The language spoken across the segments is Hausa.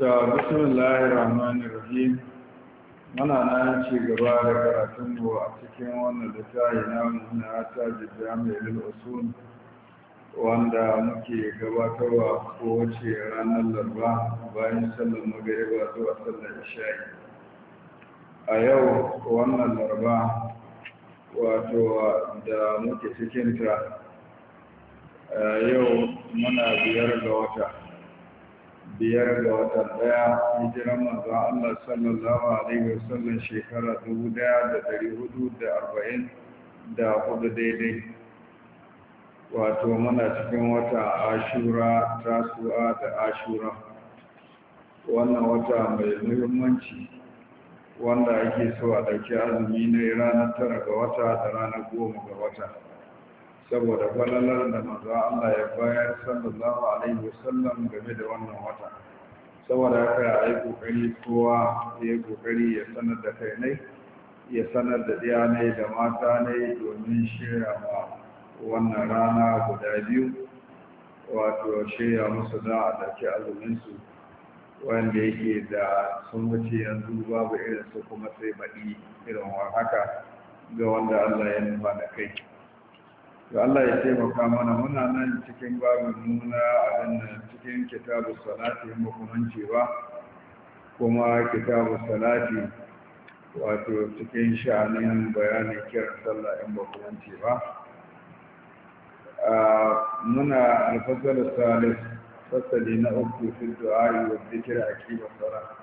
ta bismillahir rahmanir rahim muna na ci gaba da karatun a cikin wannan littafi na na ta jami'ul usul wanda muke gabatarwa ko wace ranar larba bayan sallar magariba zuwa sallar isha'i a yau wannan larba wato da muke cikinta eh, yau muna biyar ga wata biyar da watan daya hijiran manzo Allah sallallahu alaihi wasallam shekara dubu daya da dari hudu da arba'in da hudu daidai wato muna cikin wata ashura su'a da ashura wannan wata mai muhimmanci wanda ake so a ɗauki azumi ne ranar tara ga wata da ranar goma ga wata saboda falalar da manzo Allah ya bayar sallallahu alaihi wasallam game da wannan wata saboda haka a yi kokari kowa ya yi kokari ya sanar da kai nai, ya sanar da ɗaya ne da mata ne domin shirya ma wannan rana guda biyu wato shirya musu da a ɗauki azuminsu wanda yake da sun wuce yanzu babu irinsu kuma sai baɗi irin haka ga wanda Allah ya nufa da kai. to Allah ya taimaka mana muna nan cikin babin nuna abin nan cikin kitabu salati mu kuma cewa kuma kitabu salati wato cikin sha'anin bayanin kiran sallah in ba ba muna alfasar salis fasali na uku fi du'a wa zikir akibar salat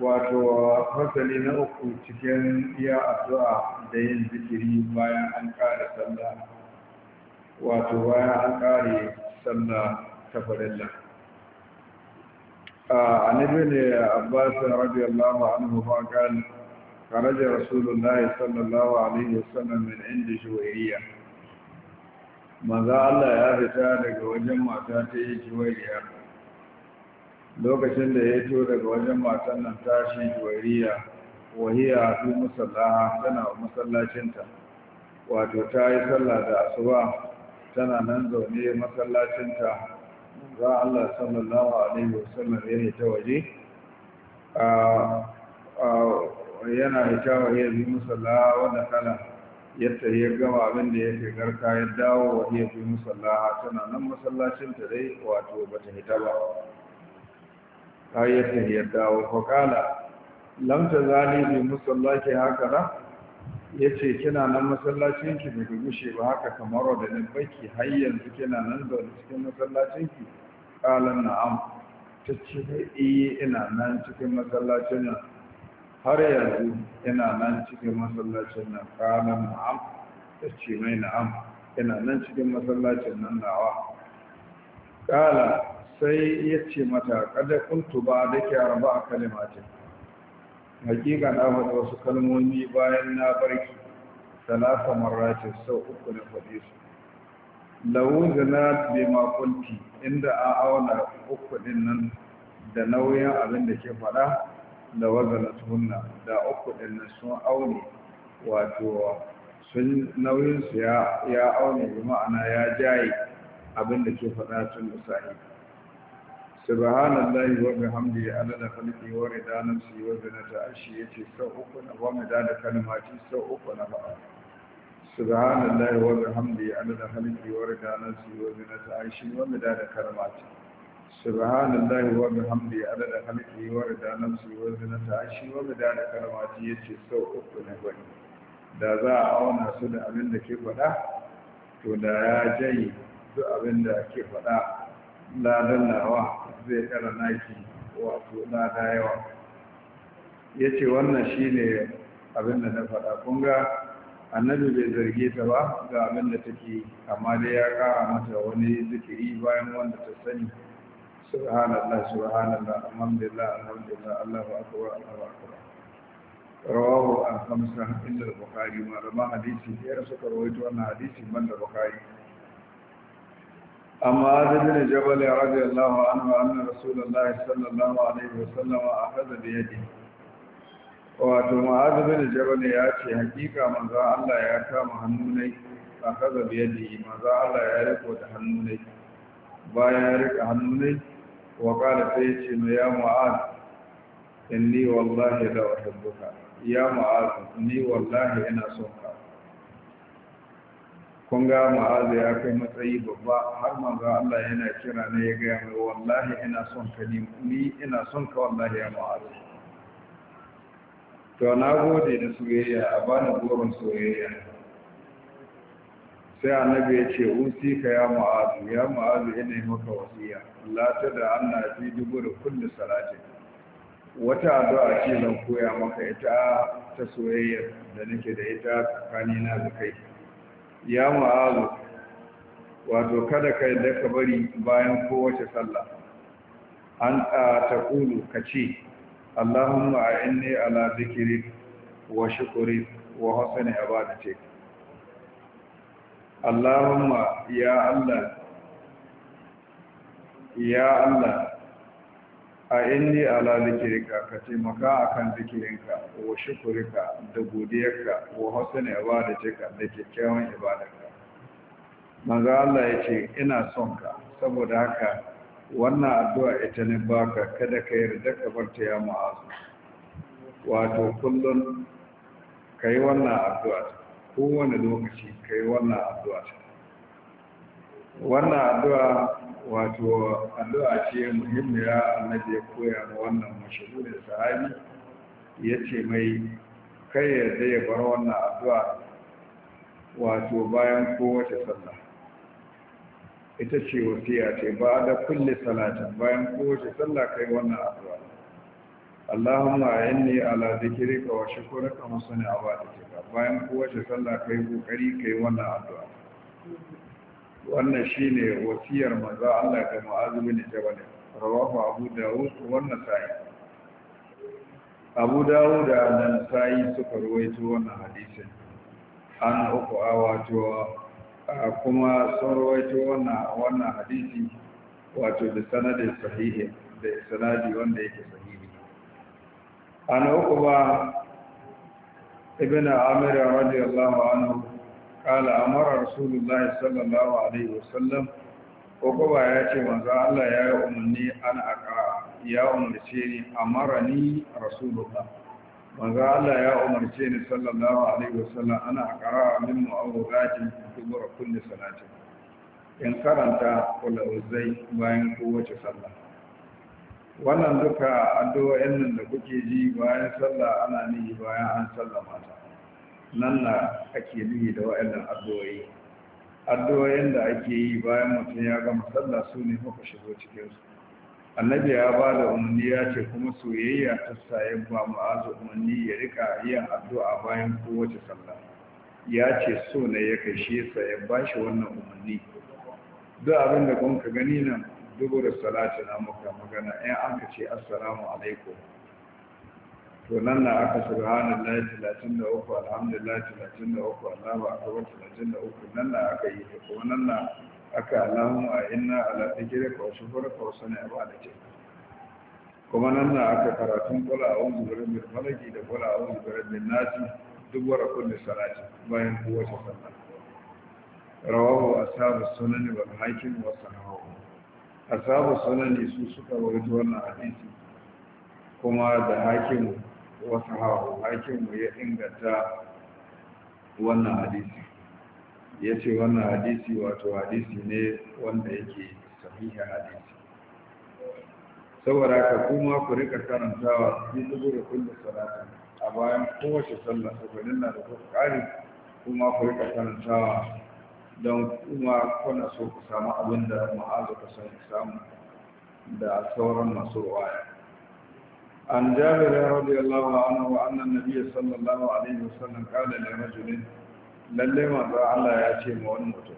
wato fasali na uku cikin iya addu'a da yin zikiri bayan an ƙare sallah wato bayan an ƙare sallah ta farilla a annabi ne abbas radiyallahu anhu ba kan karaje rasulullah sallallahu alaihi wasallam min inda juwayya manzo Allah ya fita daga wajen mata ta yi juwayya lokacin da ya to daga wajen matan nan tashi wariya wahiya fi musallaha tana masallacinta wato ta yi sallah da asuba tana nan zaune masallacinta za Allah sallallahu alaihi wasallam ya ta waje yana hita wahiya fi musallaha wanda kala yadda ya gama abin da ya fi garka ya dawo wahiya fi musallaha tana nan masallacinta dai wato bata hita ba har ya tafiya dawo faƙala lamta zali bi musallaki haka na ya ce kina nan masallacinki bai ga gushe ba haka kamar da nan baki har yanzu kina nan da cikin masallacinki ƙalan na'am ta ce iya eh, ina nan cikin masallacin nan har yanzu ina nan cikin masallacin nan ƙalan na'am ta ce mai na'am ina nan cikin masallacin nan nawa ƙala sai ya ce mata kada kuntu ba da ke arba a kalimatin hakika na faɗa wasu kalmomi bayan na barki talata marrati sau uku na faɗe su lawu na bai makulti inda a auna uku ɗin nan da nauyin abin da ke faɗa da na tunna da uku ɗin nan sun aune wato sun nauyinsu ya aune bi ma'ana ya jaye abin da ke faɗa tun da sahi subhanallahi wa bihamdihi adada khalqi wa rida nafsi wa zinata arshi yace sau uku na ba mu da kalmati sau uku na ba subhanallahi wa bihamdihi adada khalqi wa rida nafsi wa zinata arshi wa mu da kalmati wa da sau uku na da za a auna su da abin da ke faɗa to da ya jayi su abin da ke faɗa ladan nawa zai kara naki wato lada yawa ya ce wannan shi ne abin da na faɗa kunga annabi bai zarge ta ba ga abin da take amma dai ya ƙara mata wani zikiri bayan wanda ta sani subhanallah subhanallah alhamdulillah alhamdulillah allahu akbar allahu akbar rawahu al-khamsa inda al-bukhari ma hadisi ya suka rawaito wannan hadisi banda bukhari أما هذا بن جبل رضي الله عنه أن رسول الله صلى الله عليه وسلم da بيده wato ma'azu bin jabal ya ce hakika manzo Allah ya kama hannunai a kaza biyadi manzo Allah ya riko da hannunai bayan ya rika hannunai wa qala sai ce mu ya mu'az inni wallahi la uhibbuka ya ni wallahi ina son ka kun ma'azu ya kai matsayi babba har manzo Allah yana kira ne ya ga mai wallahi ina son ka ni ina son ka wallahi ya ma'aza to na gode da soyayya a bani goron soyayya sai annabi ya ce usi ka ya ma'azu ya ma'azu ina yi maka wasiya la ta da Allah fi dubur kullu salati wata addu'a ce zan koya maka ita ta soyayya da nake da ita tsakanina da kai ya ma'azu wato kada ka yadda ka bari bayan kowace sallah an ta kulu ka ce allahumma a inni ala zikiri wa shukuri wa hasani abadace allahumma ya allah ya allah a inni ala zikirka ka taimaka akan zikirinka wa shukurika da godiyarka wa ya ba da da kyakkyawan ibadarka manzo Allah ce ina son ka saboda haka wannan addu'a ita ne baka kada ka yarda ka barta ya ma'azu wato kullun kai wannan addu'a kowane lokaci kai wannan addu'a wannan addu'a wato addu'a ce muhimmiya annabi ya koya ma wannan mashahuri sahabi ya ce mai kai yarda ya bar wannan addu'a wato bayan kowace sallah ita ce wasiya ce ba da kulle salatin bayan kowace sallah kai wannan addu'a Allahumma inni ala zikrika wa shukrika wa sunni abadatika bayan kowace sallah kai kokari kai wannan addu'a wannan shine wasiyar manzo Allah ga Mu'adh bin Jabal rawahu Abu Dawud wannan sai Abu Dawud da Nasa'i suka rawaito wannan hadisin an uku wato kuma sun rawaito wannan wannan hadisi wato da sanadin sahihi da sanadi wanda yake sahihi an uku ba ibn Amir radiyallahu anhu قال امر رسول الله صلى الله عليه وسلم وكبا ياتي وانزا الله يا امني انا أقرأ يا أمرتيني امرني رسول الله وانزا الله يا أمرتيني صلى الله عليه وسلم انا اقرا من مؤوغات كبر كل صلاه in karanta kula uzai bayan kowace sallah wannan duka addu'o'in nan da kuke ji bayan sallah ana ni bayan an sallama ta nan na ake nuni da wa'annan addu'o'i addu'o'in da ake yi bayan mutum ya gama sallah su ne muka shigo cikin su annabi ya ba da umarni ya ce kuma soyayya ta sayan ba ma'azu umarni ya rika yin addu'a bayan kowace sallah ya ce so ne ya kashe sa ya ba shi wannan umarni duk abin da kun ka gani nan da salati na muka magana in an ka ce assalamu alaikum to nan na aka subhanallahi 33 alhamdulillahi 33 talatin da 33 nan na aka yi ta kuma nan na aka a inna ala ko shi fara ko sani a ce kuma nan na aka karatun kula a wani zubarin mai malaki da kula a wani zubarin mai nasi duk wara kundin sarati bayan kowace sallah rawahu ashabu sunani wal hakim wa A ashabu sunani su suka rawaito wannan hadisi kuma da hakimu wasu hawa hakimu ya inganta wannan hadisi ya ce wannan hadisi wato hadisi ne wanda yake sahiha hadisi saboda ka kuma ku rika karantawa fi zubura kullu salatin a bayan kowace sallah saboda na da kuka kare kuma ku rika karantawa don kuma kuna so ku samu abin da ma'azu ka samu da sauran masu waya عن جابر رضي الله عنه أن النبي صلى الله عليه وسلم قال لرجل lalle manzo Allah ya ce ma wani mutum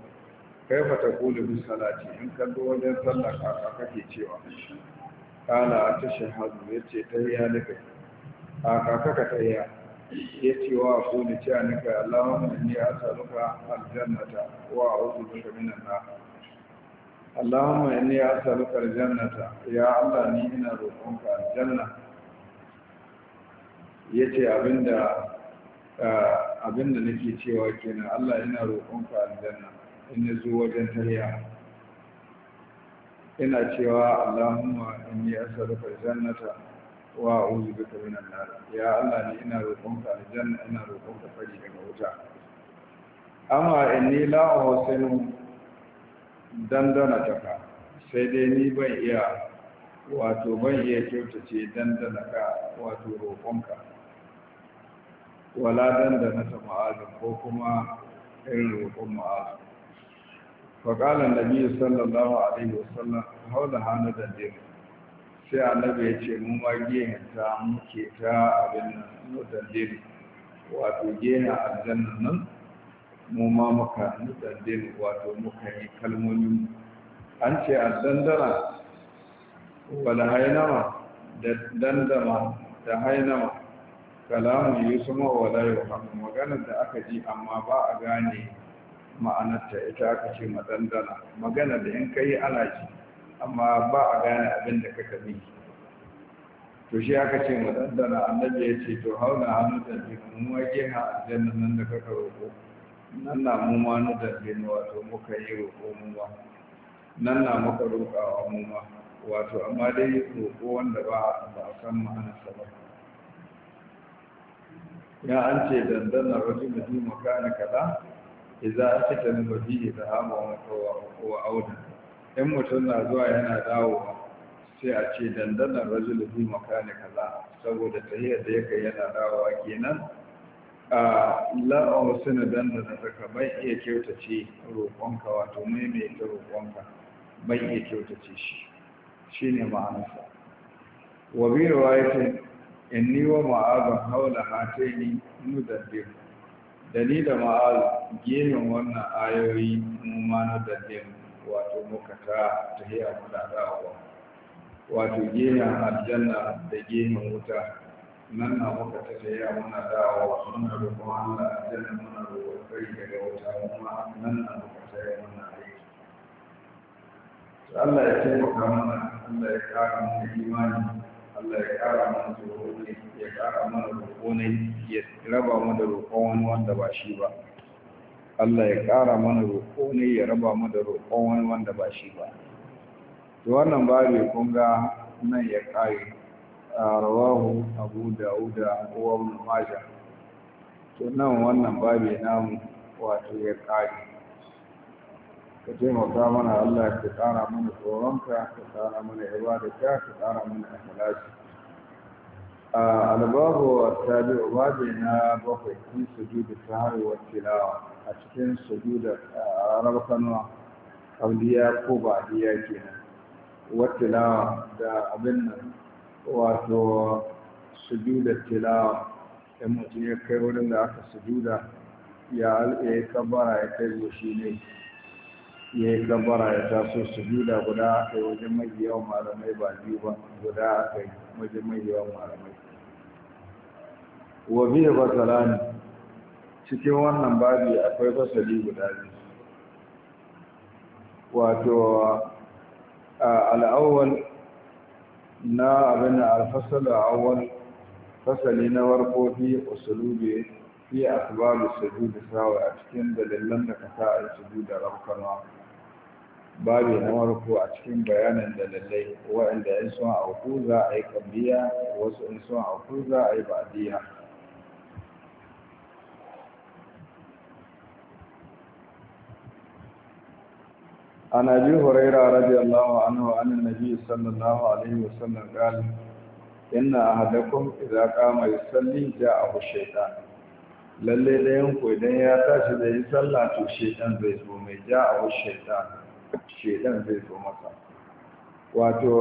kai fa ta kula in ka zo wajen sallah ka kake cewa kana ta shahadu yace ta riya ne kai a kaka ka ta riya yace wa ko ni ce ni kai Allahumma inni as'aluka aljannata wa a'udhu bika minan nar Allahumma inni as'aluka aljannata ya Allah ni ina rokonka aljanna ya ce abinda abinda nake cewa kenan Allah yana roƙonka aljanna in ya zo wajen tahiya ina cewa Allahumma inni as'aluka jannata wa a'udhu bika minan nar ya Allah ni ina roƙonka aljanna ina roƙonka fari daga wuta amma inni la uhsinu dandana taka sai dai ni ban iya wato ban iya kyautace dandana ka wato roƙonka wala dandana ta mu'azin ko kuma irin roƙon mu'azin faƙalar nabi sallallahu alaihi wasallam haula hana da dinu sai annabi ya ce mu ma ta muke ta abin nan da dinu wato gina aljanna nan mu ma muka da din wato muka yi kalmomin an ce a dandana wala hainama da dandama da hainama kalamun yusuma wa la yuhamu maganar da aka ji amma ba a gane ma'anarta ita aka ce madandana maganar da in kai ana ji amma ba a gane abin da kaka bi to shi aka ce madandana annabi ya ce to hauna hannu da bi mu wage ha aljanna nan da kaka roƙo nan na mu ma nu da bi wato muka yi roƙo mu ma nan na muka roƙawa mu ma wato amma dai roƙo wanda ba a san ma'anarsa ba ya an ce dandana rajin da fi makani kaza iza aka ce waje nufa fiye da hama wa auda in mutum na zuwa yana dawowa sai a ce dandana rajin da fi makani kaza saboda tahiyar da yake yana dawowa kenan a la'awa suna dandana saka bai iya kyautace roƙonka wato maimaita roƙonka bai iya kyautace shi shi ne ma'anarsa wa bi riwayatin inni wa ma'azin haula hataini nudaddim da ni da ma'az gemin wannan ayoyi mu ma nudaddim wato muka ta ta tahiya muna dawowa wato gemin aljanna da gemin wuta nan na muka ta ta tahiya muna dawowa muna roƙon Allah aljanna muna roƙon kai daga wuta kuma nan na muka ta tahiya muna aiki Allah ya taimaka mana Allah ya kara mana imani Allah ya ƙara mana roƙo ne ya raba mu da wanda ba shi ba Allah ya kara mana da wanda ba shi ba to wannan babu kun ga nan ya kare rawahu abu dauda wa majah to nan wannan babu namu wato ya kare ka taimaka mana Allah ka tsara mana tsoronka ka tsara mana ibadata ka tsara mana akhlaci a albabu asabi ubabi na bakwai fi sujudu sahwi wa tilawa a cikin sujuda rabkanwa kauliya ko ba'diya kenan wa tilawa da abin nan wato sujuda tilawa in mutum ya kai wurin da aka sujuda ya alƙe kabbara ya kai shi ne ya yi gabara ya taso su juda guda a yi wajen mai yawan malamai ba biyu ba guda a yi wajen mai yawan malamai wa biyu ba fasalani cikin wannan babi akwai fasali guda biyu wato al'awwal na abin alfasal awwal fasali na warko fi usulubi fi asbabu sujud sawa a cikin dalilan da ka sa a sujud da rabkanwa babu na marko a cikin bayanin dalilai waɗanda in sun auku za a yi kambiya wasu in sun auku za a yi badiya A ابي هريره radiyallahu anhu عنه nabi sallallahu alaihi wasallam عليه inna ahadakum idza qama yusalli abu shaytan lalle dayan ku idan ya tashi da yin sallah to shaytan zai zo mai abu shaytan shedan zai zo masa wato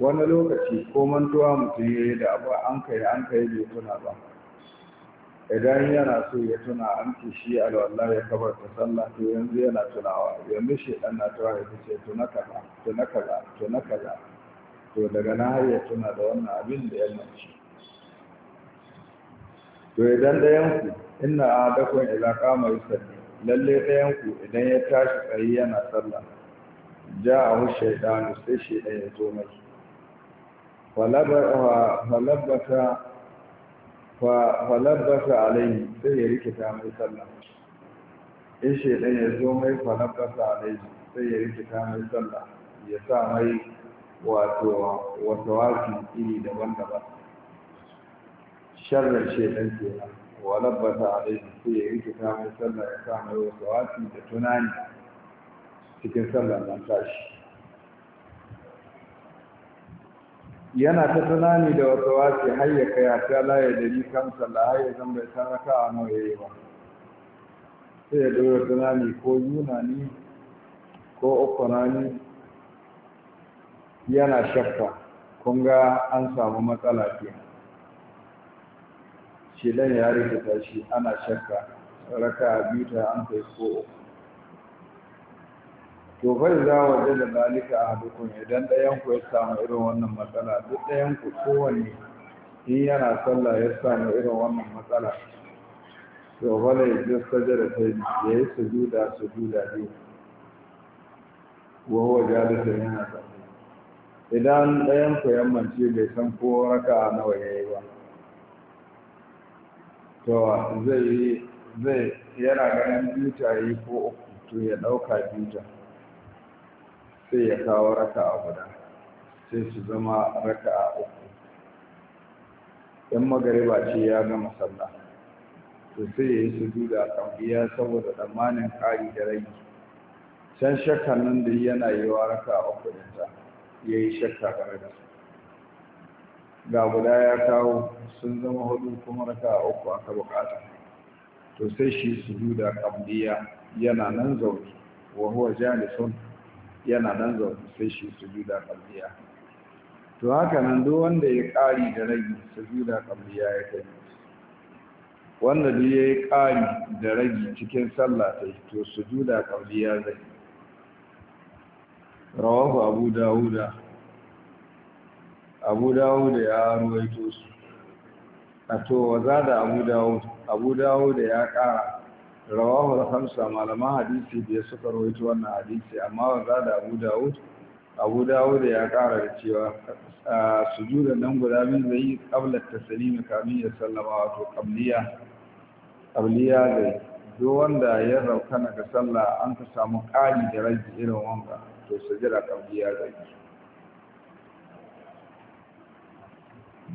wani lokaci ko mantuwa mutum ya yi da abu an kai an kai bai tuna ba idan yana so ya tuna an ce shi alwallah ya kabar ta sallah to yanzu yana tunawa yanzu shedan na tuwa ya ce tuna kaza tuna kaza tuna kaza to daga na har ya tuna da wannan abin da ya mace to idan ɗayanku ina adakun ila kama yi lalle ɗayanku idan ya tashi tsayi yana sallah ja'ahu shaytanu sai ya zo mai falabbata falabbata sai ya mai sallah in ya zo mai falabbata alaihi sai ya rikita mai sallah ya sa mai wato wafi iri daban-daban sharrin shaytan kenan walabbata alaihi sai ya rikita mai sallah ya sa mai wafi da tunani cikin sallar nan tashi yana ta tunani da wata wace har ya kai a ta laye da ni kan sallah har ya zan bai san raka a nawa yayi ba sai ya dora tunani ko yuna ni ko ukuna ni yana shakka kun ga an samu matsala ke dan ya rike tashi ana shakka raka biyu ta an kai ko uku to fa za waje da zalika a hadukun idan ɗayan ku ya samu irin wannan matsala duk ɗayan ku kowane in yana sallah ya samu irin wannan matsala to fa da yaji sajada ta yi ya yi sujuda sujuda ne wa huwa jalisun yana sallah idan ɗayan ku yammanci bai san ko raka nawa ya yi ba to zai yana ganin bita yi ko uku to ya ɗauka bita sai ya kawo raka a guda sai su zama raka a uku yan magariba ce ya gama sallah to sai ya yi duda kan biya saboda tsammanin ƙari da rai can shakka nan da yana yi wa raka a uku ɗinta ya yi shakka tare da su ga guda ya kawo sun zama hudu kuma raka a uku aka bukata to sai shi sujuda kambiya yana nan zaune wa huwa sun yana dan zaune sai shi sujuda qabliya to haka nan duk wanda ya ƙari da ragi sujuda qabliya ya kai wanda duk ya yi ƙari da ragi cikin sallah ta to sujuda qabliya zai rawahu abu dawuda abu dawuda ya ruwaito su a to wa zada abu dawuda abu dawuda ya ƙara rawahu al-khamsa malaman hadisi da suka rawaito wannan hadisi amma wanda da Abu Dawud Abu Dawud ya kara da cewa sujudan nan guda biyu zai yi qabla at-taslim kamin ya sallama wato qabliya qabliya zai duk wanda ya rauka na ga sallah an ka samu ƙari da rage irin wanka to sujada qabliya da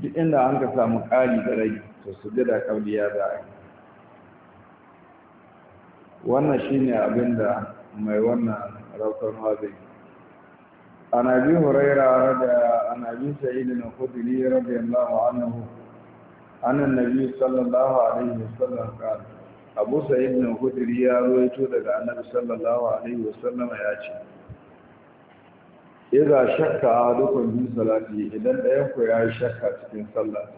duk inda an ka samu ƙari da rage to sujada qabliya zai wannan shine abin da mai wannan raukar mazai an abi huraira da an abi sa'id bin khudri radiyallahu anhu an annabi sallallahu alaihi wasallam qala abu sa'id bin khudri ya rawaito daga annabi sallallahu alaihi wasallam ya ce idza shakka ahadukum bi salati idan ɗayan ku ya shakka cikin sallah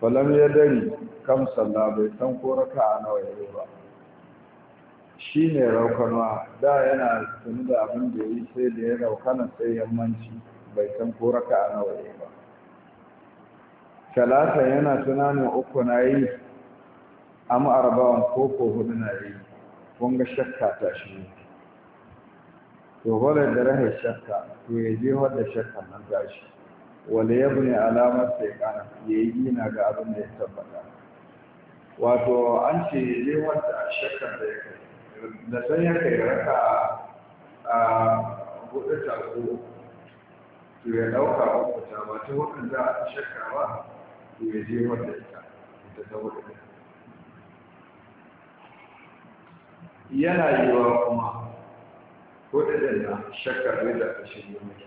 falam ya dari kam sallah bai san ko raka'a nawa yayi ba shi ne raukanwa da yana tuni da abin da yi sai da ya raukana sai yammanci bai san ko raka a nawa ya ba talata yana tunanin uku na yi am arba'un ko ko hudu na yi kun ga shakka ta shi ne. to wala da rahe shakka to ya je wadda shakka nan ta shi wala ne alamar sai kana yi gina ga abin da ya tabbata wato an ce ya je wadda shakka da ya kai da san ya kai raka a hudu ta ko to ya dauka uku ta ba ta hudun da a shakka ba, to ya je wadda ita ita ta hudu yana yiwa kuma ko da na shakka ne da ƙashin yi mai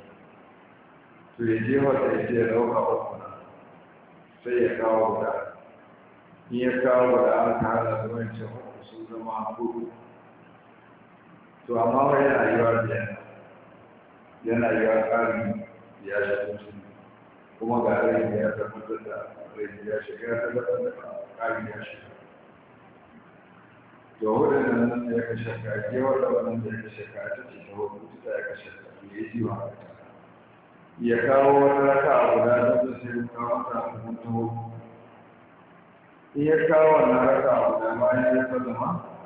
to ya je wadda ita ya dauka uku na sai ya kawo da in ya kawo da an kada da wancan uku sun zama hudu to amma wa yana yiwa biyan yana yiwa ƙarin ya shigo ciki kuma ga rai ya tabbatar da rai ya shiga ya tabbatar da ƙarin ya shiga to waɗannan nan da ya ka shaka ke waɗannan da ya ka shaka ta ce ta wani ta ya ka shaka ya yi jiwa wa ya kawo wani raka a guda da su sai ya kawo ta mutu in ya kawo wani raka a guda ma ya yi zama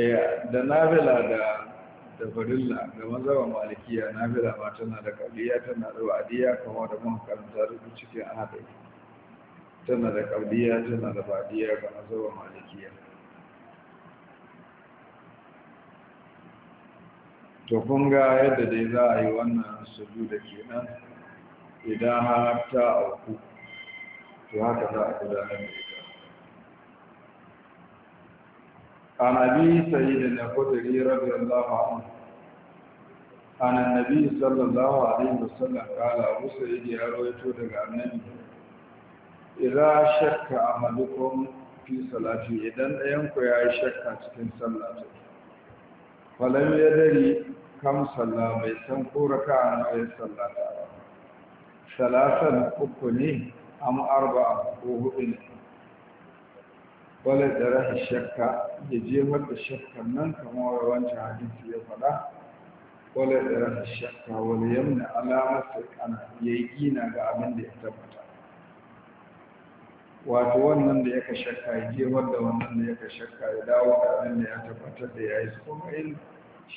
Eh, da Nabila da da farilla da mazaba malikiya Nabila ma tana da kabliya tana da wadiya kamar da mun karanta duk cikin ahadai tana da kabliya tana da fadiya ga mazaba malikiya to kun ga yadda dai za a yi wannan ke nan idan har ta auku to haka za a gudanar da ita عن أبي سيد الخدري رضي الله عنه عن النبي صلى الله عليه وسلم قال أبو سيد يا رويتو دقى النبي إذا شك عملكم في صلاة إذن أيمكو يا شك أتكن صلاته فلم يدري كم صلى بيسن كورك عن أي صلاته ثلاثا أكني أم أربعة وهو إنه wale da rahi shakka ya je da shakkan nan kamar wancan hadisi ya faɗa wale da rahi shakka yamma na alamar sarkana ya yi gina ga abin da ya tabbata wato wannan da ya ka shakka ya je da wannan da ya ka shakka ya dawo ga abin da ya tabbatar da ya yi su kuma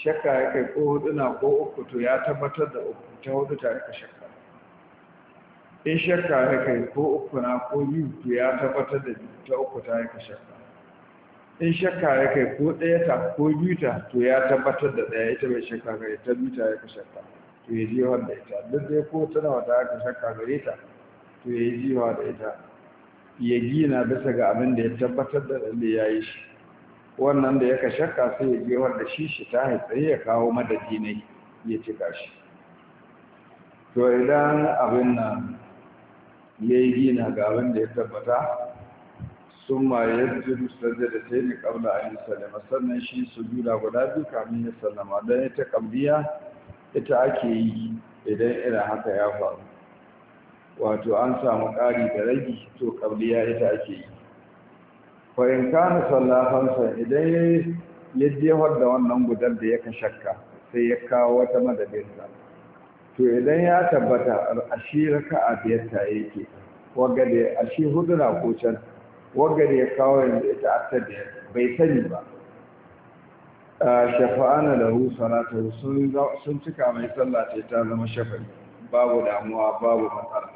shakka ya kai ko hudu na ko uku to ya tabbatar da uku ta hudu ta ka shakka in shakka ya kai ko uku na ko biyu to ya tabbatar da ta uku ta yi shakka in shakka ya kai ko ɗaya ta ko biyu ta to ya tabbatar da ɗaya ita mai shakka gare ta biyu ta yi shakka to ya jiwa da ita duk dai ko tana nawa ta shakka gare ta to ya yi jiwa da ita ya gina bisa ga abin da ya tabbatar da ɗan ya yi shi wannan da ya ka shakka sai ya jiwa da shi shi ta haitsaye ya kawo madadi ne ya cika shi to idan abin nan ya yi gina ga wanda ya tabbata sun ma ya yi sajda da ta yi kabla a yi salama sannan shi su jura guda biyu kamin ya sallama don ita kabliya ita ake yi idan irin haka ya faru wato an samu ƙari da ragi to kabliya ita ake yi fa'in salla sallafansa idan ya jefar da wannan gudan da ya ka shakka sai ya kawo wata madadinsa to idan ya tabbata ashe a biyar ta yake wagga da ashe hudu na ko can wagga da ya kawo yanzu ita a ta biyar bai sani ba shafa'ana da hu salatu sun cika mai sallah ce ta zama shafa'i babu damuwa babu matsala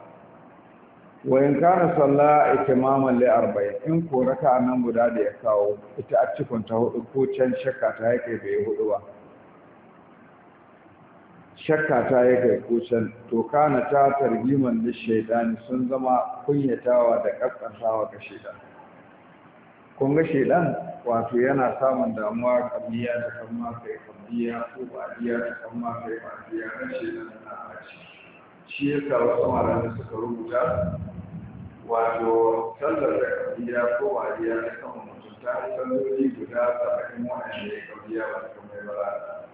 wa in kana salla itimaman li arba'in in ko raka'a nan guda da ya kawo ita a cikin ta hudu ko can shakka ta yake bai hudu ba shakka ta ya kai kusan to kana ta targiman da shaidani sun zama kunyatawa da kaskantawa ga shaidan kun ga shaidan wato yana samun damuwa kabiya da kamma kai kabiya ko badiya da kamma kai badiya shi shaidan na aci shi ya yasa wasu malamai suka rubuta wato sallar da kabiya ko badiya da kamma mutunta ta da guda saba'in waɗanda ya kabiya ba su kamar ba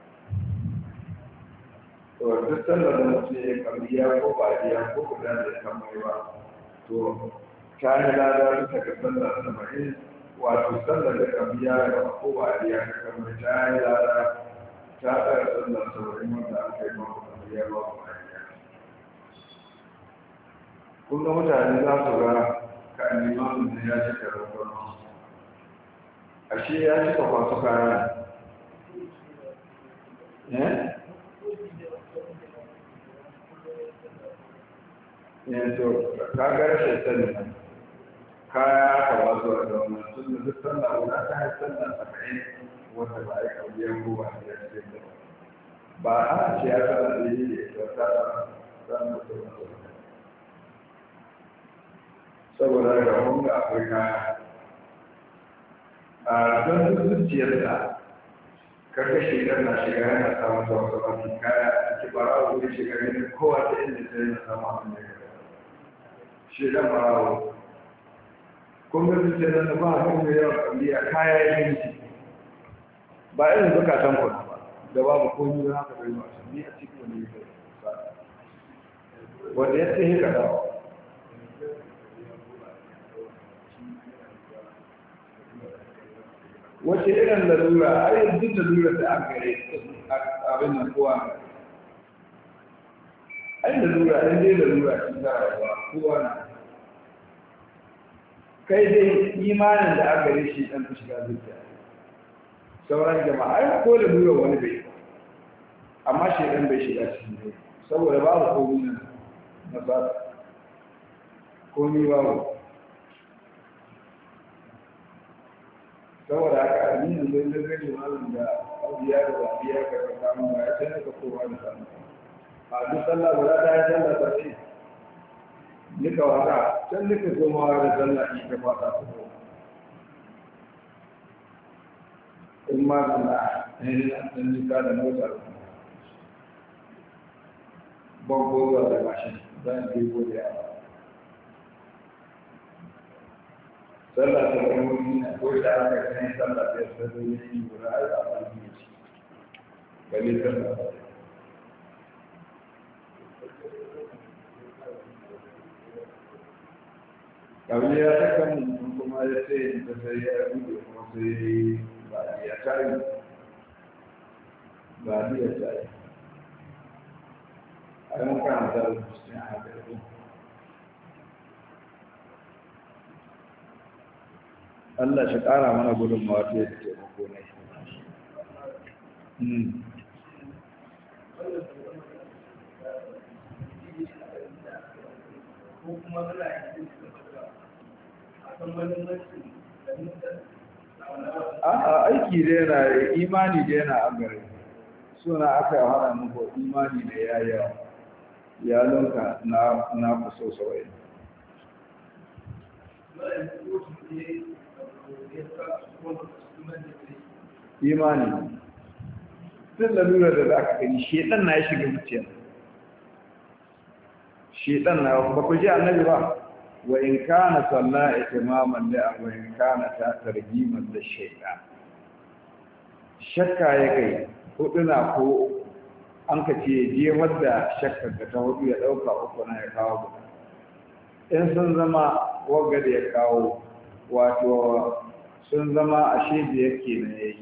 to duk sallar da mutum ya kamar ya ko ba ko guda da ya kamar ba to ta yi lada ta ga sallar saba'in wato sallar da kamar ya ga ko ba ya kamar ta yi lada ta ɗaya sallar saba'in wanda aka yi mako kamar ya ba ba ya kun ga mutane za su ga ka limamin da ya cika rukun ashe ya ci kwasu kayan eh yanzu eh, ka ga sani kaya aka ba su a dauna tun da duk sallah guda ta yi sallah saba'in wanda ba a yi kauyen ko ba a yi ce da ba a ce ya sa da yi ne da ta samu da wasu saboda ga hunga afirka a don duk zuciyarsa ka kashe kan na shiga yana samun da wasu kaya a cikin a wuri shiga ganin kowa ta inda ta yi na zama a wani ya shi da kuma gwamnatin ce da ba a ne ya yawan a kaya ya yi ciki ba irin zukatan ba da babu komi na haka bai ba shi ni a cikin wani yake wanda ya tsaye wace irin lalura a yanzu duk da an gare abin nan kowa ai lalura ɗan dai lalura shi za a yawa kowa na kai dai imanin da aka yi shi ɗan shiga zuciya sauran jama'a ai ko da nuna wani bai amma shi ɗan bai shiga cikin dai saboda babu ko nan na ba komi babu saboda haka ni yanzu yanzu zai yi malam da biya da ba biya ka ka samu ya sai ka kowa da samu a duk sallah ba za ta yi sallah ba sai nika wata can nika komawa da zalla ne ka fata su ko in ma da na ɗaya na ɗan nika da mota ban gozuwa da mashin zan je gode a ba zalla ta kuma yi na ko da aka kai zalla ta yi sallah ya yi guda a ba ne ce ba ne ƙauni ya saka mun kuma ya ce da sai ya da kuma sai ba ya tare ba ya tare a yi muka na da rubutun a Allah shi ƙara mana gudun mawata ya taimako ne. Hmm. Ko kuma a'a aiki da yana imani da yana a gari suna aka yi hana muku imani da ya yawa yalonka na kuso sauyi imani sun lalura da za ka gani shedan na ya shiga mutiyar shedan na ba ku ji annabi ba wa in kana salla itimaman da wa in kana ta tarjiman da shaytan shakka ya kai hudu na ko an ka ce jefar da shakkar da ta hudu ya dauka uku na ya kawo guda in sun zama wagga da ya kawo wato sun zama ashe da yake na yayi,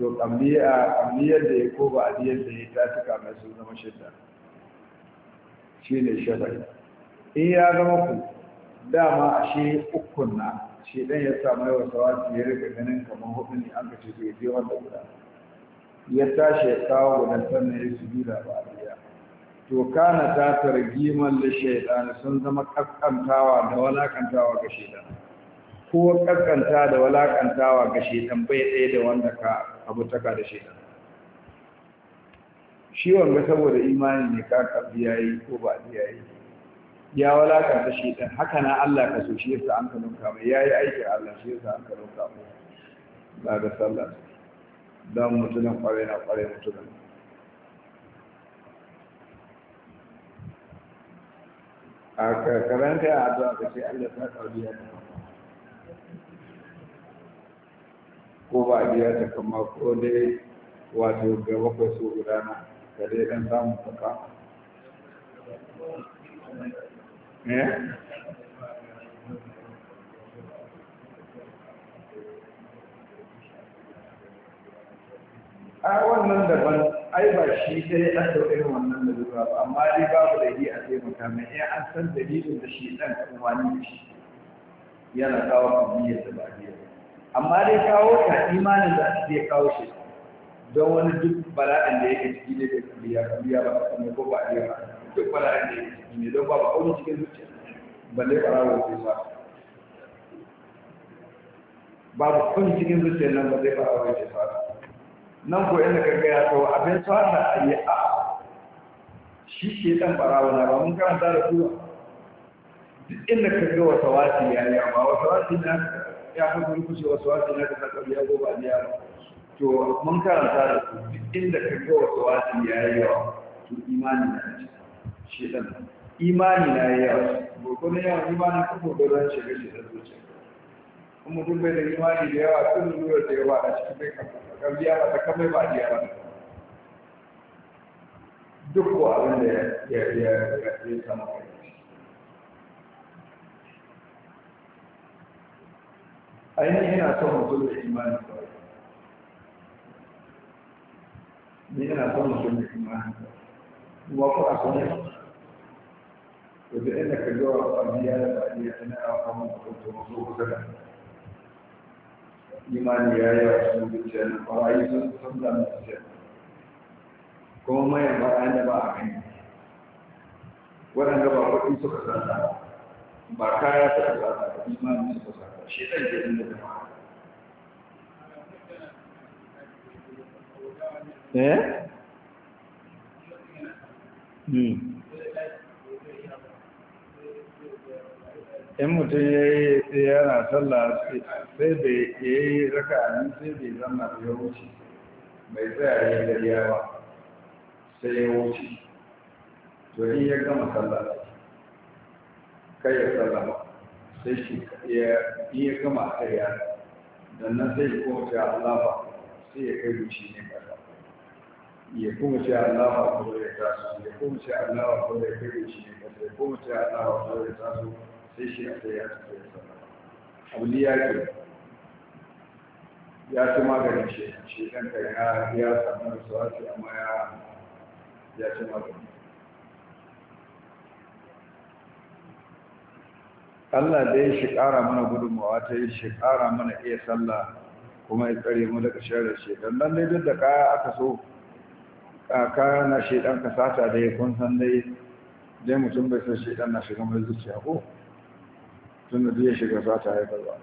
to to kamliyar da ya ko ba a da ya ta tuka mai sun zama shidda shi ne shabai in ya zama ku dama ashe ukun na shi dan ya samu yawa sawati ya rika ganin kamar hudu ne an ce zai je wanda guda ya tashi ya kawo gudan sannan ya sujuda ba biya to kana ta targiman da shaidana, sun zama kaskantawa da walakantawa ga shaidan ko kaskanta da walakantawa ga shaidan bai ɗaya da wanda ka abutaka da shaidan shi wanga saboda imani ne ka kabiya ko ba biya ya walakanta shaitan haka na Allah ka so shi yasa an ka nuka mai yayi aikin Allah shi yasa an ka nuka mai ba da sallah don mutumin kware na kware mutumin a karanta a addu'a ka ce Allah ta kauri ya ko ba a biya ta kama ko dai wato ga bakwai so gudana ka dai dan samun tsaka Eh? a ah, wannan daban ai ba shi sai an irin wannan da zuwa ba amma dai babu da yi a taimaka mai ya eh, an san dalilin da shi ɗan umarni da shi yana kawo kuɗiyar da ba biyar amma dai kawo ka imanin da zai kawo shi don wani duk bala'in da yake ciki ne da kuliya kuliya ba kuma ko ba a yi ba duk bala'in da yake ne don ba ba auni cikin zuciya balle ba rawo sai ba ba kun cikin zuciya nan ba zai ba aure sai sa nan ko inda kaga ya kawo abin sa na ayi a shi ke dan barawo na ba mun karanta da kuma duk inda kaga wata wasi ya yi amma wata wasi na ya fi gurkushe wasu wasi na ka sakar ya goba ne ya ba to mun karanta da su duk inda ka ga wasu wasu ya yi yawa to imani na ci shedan imani na ya yawa gurgurin yawan imani ka gurgurin shiga shedan zuciya kuma mutum bai da imani da yawa sun lura da yawa a cikin bai kamar yara da kamar ba a yara duk ko abin da ya ya ya samu kai ainihin yana son mutum da imani kawai ni yana son mutum da imani kawai kuma ko a sanar da inda ka wa da ba'aliya tana a kwamun da kwanto da imani ya yi wa sun na kwawayi sun da kuma ba a gani waɗanda ba ba kaya suka zanta ba imani suka zanta shi ɗan Eh? Hmm. in mutum ya yi yana sallah sai bai ya yi raka amin sai bai zanna ya wuce bai tsaya ya gariya ba sai ya wuce to in ya gama sallah kai ya sallah sai shi ya in ya gama kai ya dan nan sai ya kuma ce Allah ba sai ya kai wuce ne kasa ya kuma ce Allah ba ko ya taso ya kuma ce Allah ba ko ya kai wuce ne kasa ya kuma ce Allah ba ko ya taso sai shi a ya tafi abuli ya ke ya ci maganin shi shi ɗan ya ya samu da suwaci amma ya ya ci maganin Allah dai shi ƙara mana gudunmawa ta yi shi ƙara mana iya sallah kuma ya tsare mu daga shi, don nan dai duk da kaya aka so kaya na shi ka kasata da ya kun san dai dai mutum bai san shi shedan na shiga mai zuciya ko Tunda zai shiga sata ya karba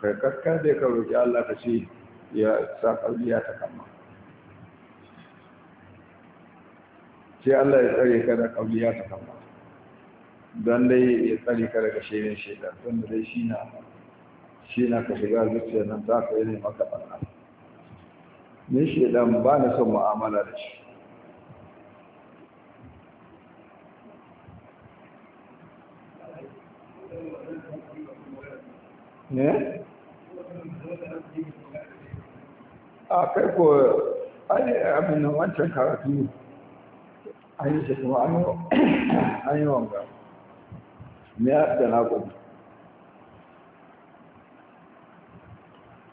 kai kakka dai ka roƙi Allah ka ce ya sa ya ta kama sai Allah ya tsare ka da ya ta kama don dai ya tsare ka daga shirin shida tun da dai shi na shi na ka shiga zuciya nan za ka yi maka ɓarna ni shaidan ba na son mu'amala da shi ne? Eh? a kai ko ai abin nan wancan karatu an yi shi kuma an yi wanga me ya da na kuma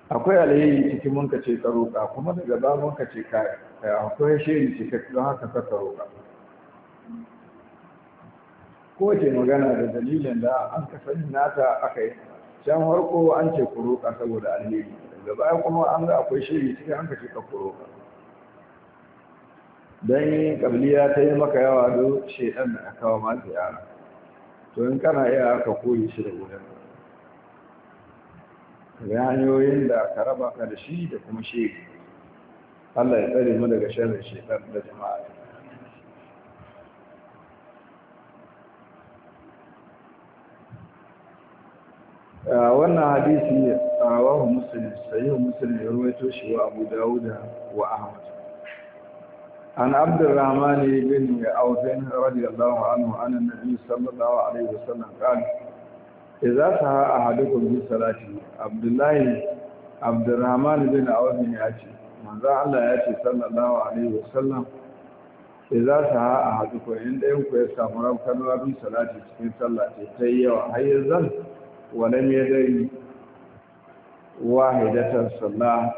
akwai alheri cikin mun ka ce ka roƙa kuma daga ba mun ka ce ka akwai shiri ce ka don haka ka ka roƙa kowace magana da dalilin da an kasance nata aka yi can harko an ce kuroka saboda alheri daga baya kuma an ga akwai shiri cikin an ka kuroka. ka ku roƙa ta yi maka yawa don shaidan da aka kawo ma ziyara to in kana iya aka koyi shi da wurin ga hanyoyin da ka raba ka da shi da kuma shi Allah ya tsare mu daga shirin shaidan da jama'a wannan hadisi a wahu musulun sayihu musulun ya ruwaito shi wa abu dawuda wa ahmad an abdurrahman bin awfin radiyallahu anhu an annabi sallallahu alaihi wasallam qala idza saha ahadukum bi salati abdullahi abdurrahman bin awfin ya ce manzo Allah ya ce sallallahu alaihi wasallam idza saha ahadukum in dayan ku ya samu rabkan bi salati cikin sallah ta yawa har yanzu wane mai dai wahidatar sallah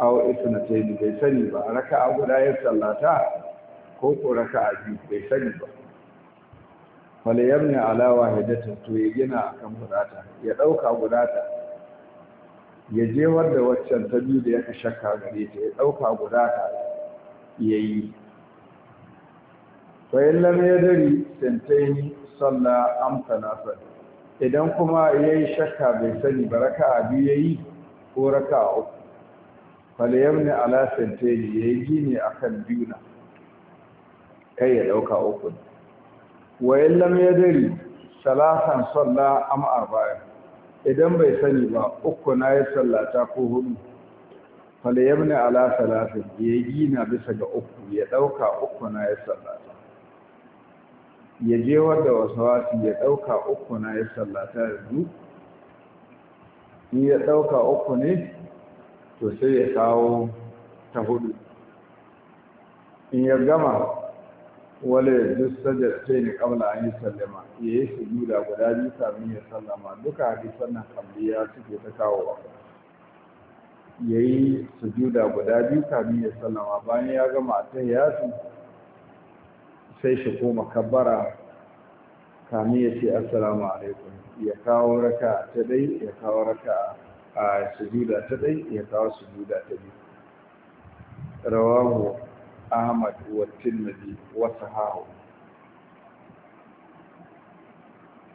aw isnatayn bai sani ba raka'a guda ya sallata ko ko raka'a biyu bai sani ba fal yamna ala wahidatin to yi gina kan guda ya dauka guda ya je wanda waccan ta biyu da yake shakka gare ta ya dauka guda ta yayi fa illa mayadari tantai salla amsana sallah idan kuma ya yi shakka bai sani ba raka a biyu ya yi ko raka a uku faliyar ne ala santeni ya yi gini a kan biyu na kai ya ɗauka uku wayan lam ya dari salatan salla am arba'in idan bai sani ba uku na ya sallata ko hudu faliyar ne ala ya yi gina bisa ga uku ya ɗauka uku na ya sallata ya je wadda wasu ya ɗauka uku na ya sallata yanzu in ya ɗauka uku ne to sai ya kawo ta hudu in ya gama wale duk sajar sai ne kamla an yi sallama ya yi su da guda biyu sami ya sallama duka hadisan nan ya suke ta kawo wa ya yi su da guda biyu sami ya sallama bayan ya gama a ta yasu sai shi koma kabbara kami ya ce assalamu alaikum ya kawo raka ta ɗai ya kawo raka a sujuda ta ɗai ya kawo sujuda ta biyu rawahu ahmad wa tilmidi wa sahahu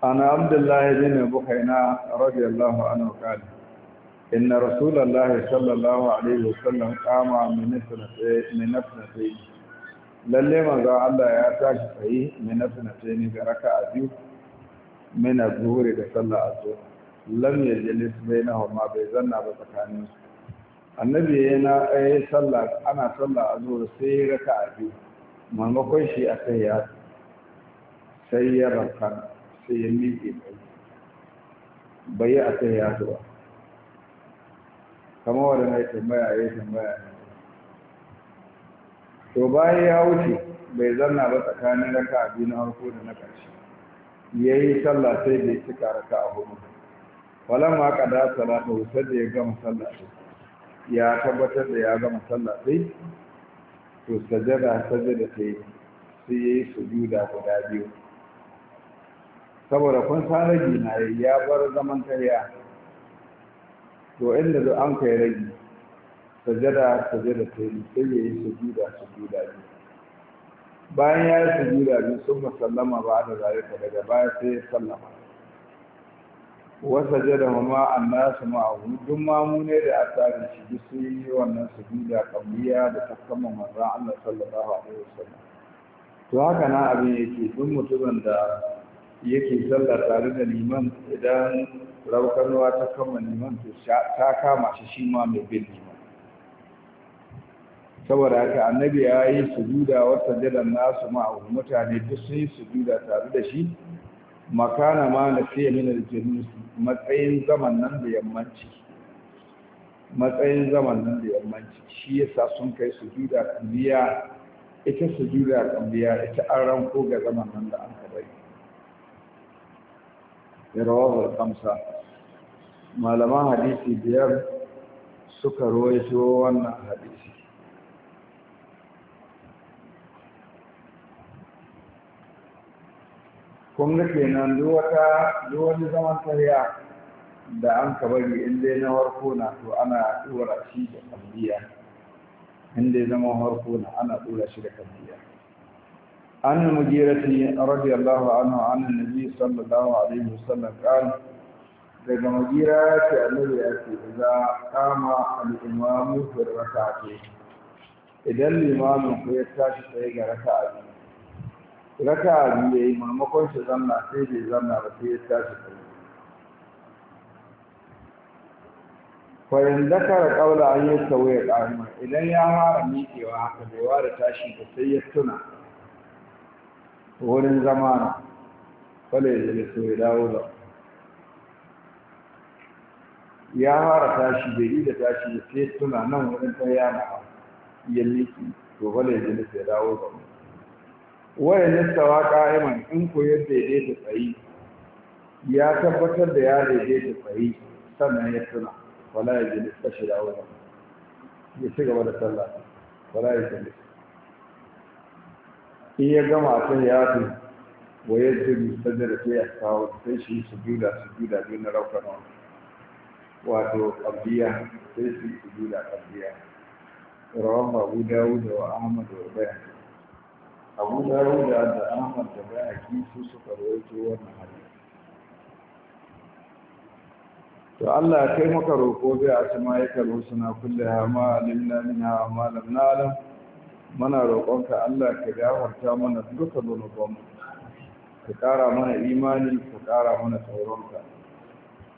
ana abdullahi bin buhaina radiyallahu anhu qala inna rasulullahi sallallahu alaihi wasallam qama min nafsihi lalle manzo Allah ya tashi sai mai na tunace ne ga raka a biyu mai na zuhuri da sallah a zuwa lam ya jalis bai na homa bai zanna ba tsakanin su annabi ya na ɗaya sallah ana sallah a zuwa sai raka a biyu maimakon shi a kai ya sai ya raka sai ya miƙe bai bai a kai ya zuwa kamar wanda mai tambaya ya tambaya ne to bayan ya wuce bai zanna ba tsakanin raka a biyu na harko da na ƙarshe ya yi sallah sai bai cika raka a hudu falon ma kada salata sai da ya gama sallah sai ya tabbatar da ya gama sallah sai to sajada sajada sai sai ya yi sujuda guda biyu saboda kun san ragi na ya bar zaman karya to inda an kai ragi sajada sajada ta yi sai ya yi sujuda sujuda biyu bayan ya yi sujuda biyu sun musallama ba da zalika daga baya sai ya sallama wasa jada ma annasu ma ma'ahu duk ne da asali, shi sun yi wannan sujuda kamiya da takamma manzo Allah sallallahu alaihi wasallam to haka na abin yake duk mutumin da yake sallah tare da liman idan raukanuwa ta kama liman to ta kama shi shi ma mai bin liman saboda haka annabi ya yi sujuda wa sajada nasu ma'ahu mutane duk sun yi sujuda tare da shi makana ma na fiye min aljinus matsayin zaman nan da yammanci matsayin zaman nan da yammanci shi yasa sun kai sujuda kambiya ita sujuda kambiya ita an ranko ga zaman nan da an kabai rawahu kamsa malaman hadisi biyar suka rawaito wannan hadisi kun ga kenan duk wata duk wani zaman tahiya da an ka bari in dai na harko na to ana dora shi da kambiya in dai zaman harko na ana dora shi da kambiya عن المجيرة رضي الله عنه عن النبي صلى الله عليه وسلم قال daga magira ce annabi ya ce za kama al'imamu fir raka'a idan limamin ku ya tashi tsaye ga raka'a raka biyu ya yi maimakon shi zanna sai bai zanna ba sai ya tashi tsaye fayin zakara kaula an yi sauye ƙarima idan ya fara miƙewa haka bai ware tashi ba sai ya tuna wurin zamana kwale ya so ya dawo da ya fara tashi bai yi da tashi ba sai tuna nan wurin ta yana ya miƙi to kwale ya so ya dawo da mu wayan nistawa ka'iman in koyar da ya daidaita tsayi ya tabbatar da ya daidaita tsayi sannan ya tuna wala ya jilis kashi da wajen ya ci gaba da sallah wala ya jilis in ya gama ta ya fi wa ya jiru sajada sai ya kawo sai shi su juda su juda biyu na raukan wato abdiya sai su juda abdiya, rawan babu dawuda wa Ahmadu wa bayan abu dawuda da ahmad da bayaki su suka rawaito wannan hadisi to Allah ya kai maka roko bai a sama ya karo suna kulle ha ma alimna wa ma lam alam mana roƙonka Allah ka gafarta mana duka zunubanmu ka ƙara mana imani ka ƙara mana tsoronka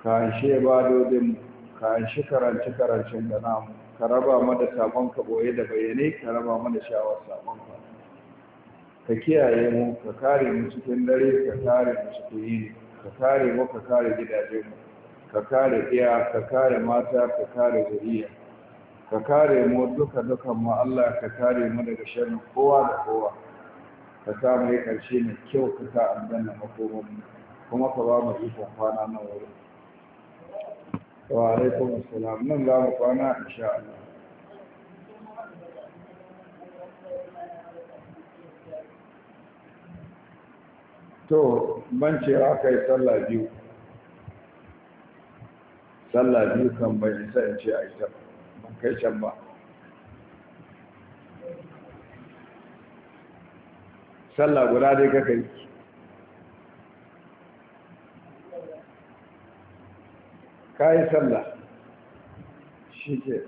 ka ba badodin ka anshi karance karancen da namu ka raba mana sabon ka da bayyane ka raba mana shawar sabon ka kiyaye mu ka kare mu cikin dare ka kare mu cikin yini ka kare mu ka kare gidajen mu ka kare iya ka kare mata ka kare zuriya ka kare mu duka dukan mu Allah ka kare mu daga sharrin kowa da kowa ka sa mu karshe mai kyau ka sa danna makomar mu kuma ka ba mu ikon kwana nan wurin wa alaikum assalam nan za mu kwana insha Allah to ban ce aka yi sallah biyu sallah biyu kan bai isa in ce a yi ta ban kai can ba sallah guda dai ka kai ka yi sallah shi ke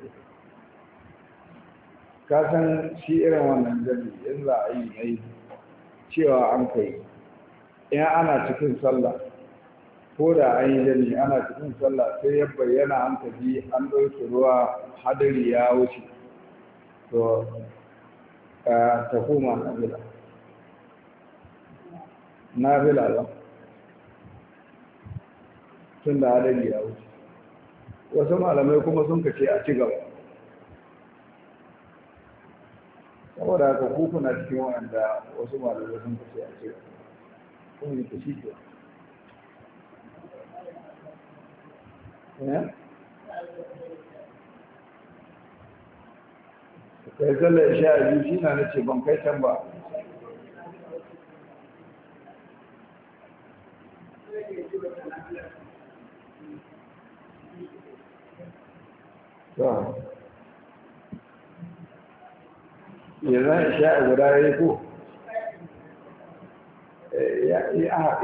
ka san shi irin wannan jami'in za a yi cewa an kai in ana cikin sallah ko da an yi jami ana cikin sallah sai ya bayyana an tafi an ɗauki ruwa hadari ya wuce to ta bila na bila ba tun da hadari ya wuce wasu malamai kuma sun kace a ci gaba saboda haka kuku na cikin wanda wasu malamai sun kace a ci gaba Eh? kai zala ya sha shi na nace ban kai can ba yanzu ya sha guda ya yi ko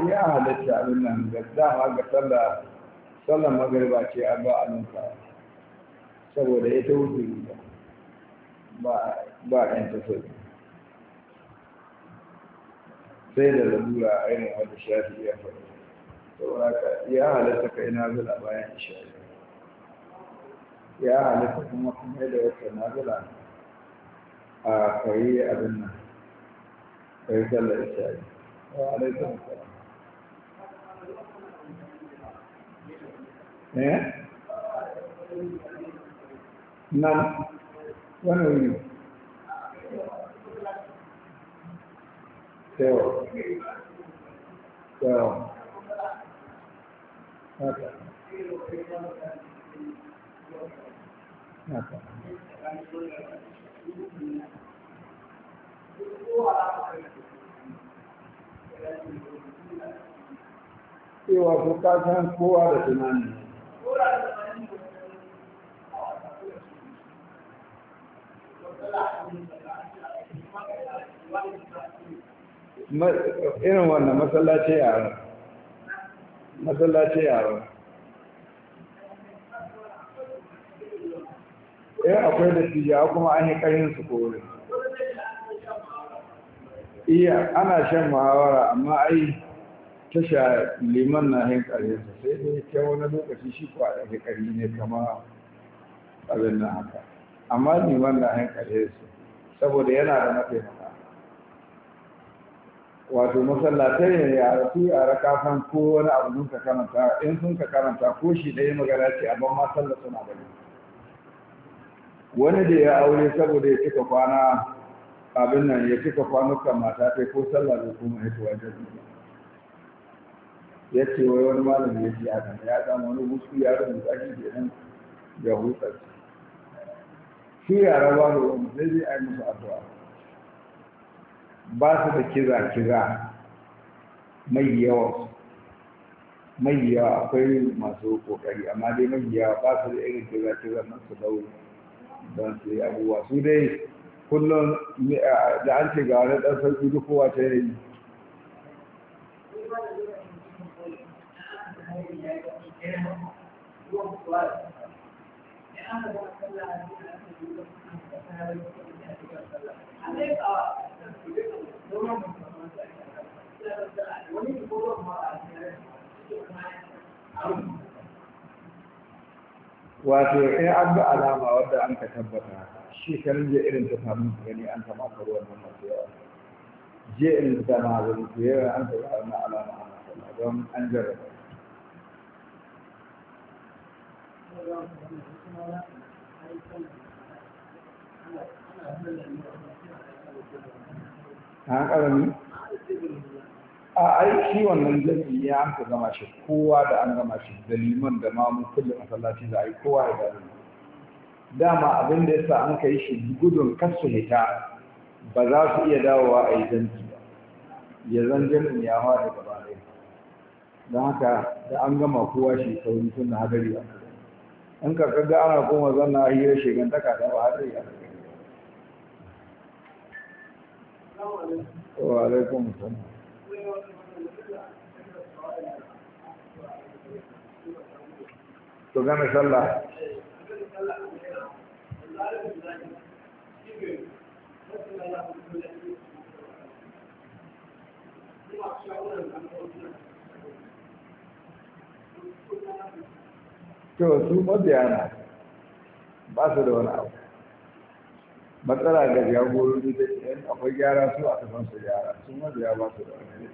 ya halatta abin nan ga dama ga sallah sallar magariba ce a ba a nuka saboda ita wuce ba ba ɗan ta sai da lalura a irin wanda shafi ya faru saboda ka ya halatta ka ina zula bayan ishari ya halatta kuma kuma da wata na nazila a kayi abin nan kai sallar ishari wa alaikum salam eh na wani wuri haka haka ka kowa da tunani irin wannan masallaci yaron masallaci yaron in eh, akwai da tijawa kuma an yi ƙarin su kore iya ana shan muhawara amma ai tasha liman na hin ƙarfi sai dai ta na lokaci shi ko a ɗaga ƙarfi ne kama abin na haka amma liman na hin ƙarfi saboda yana da mataimaka wato masallatai ne ya su yara kafan ko wani abu sun ka karanta in sun ka karanta ko shi ɗaya magana ce amma ma sallah suna da wani da ya aure saboda ya cika kwana abin nan ya cika kwanukan mata ko sallar da kuma ya tuwa jami'a ya ce wai wani malam ya ce haka ya samu wani hutu ya rubuta shi ke nan ya hutar shi yara ba da wani sai zai ai musu addu'a ba su da kiza kiza mai yawa mai yawa akwai masu kokari amma dai mai yawa ba su da irin kiza kiza nan su dau don su yi abubuwa su dai kullum eh, da an ce ga wani ɗan sarki duk kowa ta yi wato in an bi alama wadda an ka tabbata shi kan je irin ta samu gani an kama ka ruwan nan masu yawa je irin ta na zai yawa an ka ga alama alama don an jarraba an ƙarami a aiki wannan jami'i ya an gama shi kowa da an gama shi da liman da mamu kullum masallaci da ai kowa ya gama dama abin da yasa an kai shi gudun kasu hita ba za su iya dawowa a yi zanci ba ya zan ya hawa da gaba ɗaya don haka da an gama kowa shi sauri tun na hadari a in ka kaga ana koma zanna hira shegan ta kada ba hadari a wa to sallah Thank you. to su mabiyana ba su da wani abu matsala da ne da yan akwai gyara su a kafan su gyara su mabiya ba su da wani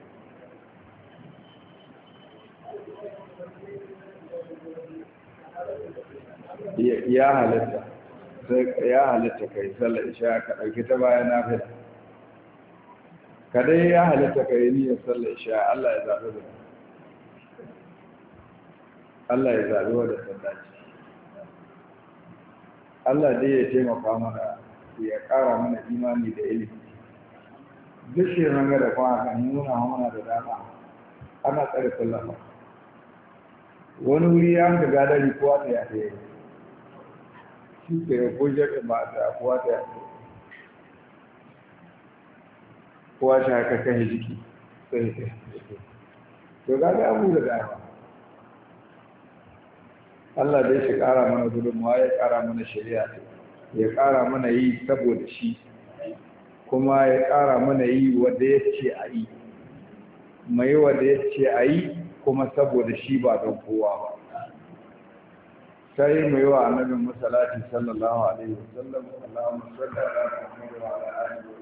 ya halitta sai ya halitta kai sallar isha ka ɗauki ta bayan na fi ka dai ya halitta kai niyyar sallar isha Allah ya zaɓi da Allah ya zaɓi wa da sallaci Allah dai ya taimaka mana ya ƙara mana imani da ilimi duk shi ranga da kwana kan nuna mana da dama ana tsare sallama wani wuri ya ga gadari kowa ta ya tsaye shi ke ya goje da mata kowa ta ya tsaye kowa shi haka kan jiki sai to ga abu da dama Allah dai shi ƙara mana gudunmawa ya ƙara mana shari'a ya ƙara mana yi saboda shi kuma ya ƙara mana yi wanda ya ce a yi mai wanda ya ce a yi kuma saboda shi ba don kowa ba sai mai wa annabin masalati sallallahu alaihi wasallam Allahumma salli ala Muhammad wa ala alihi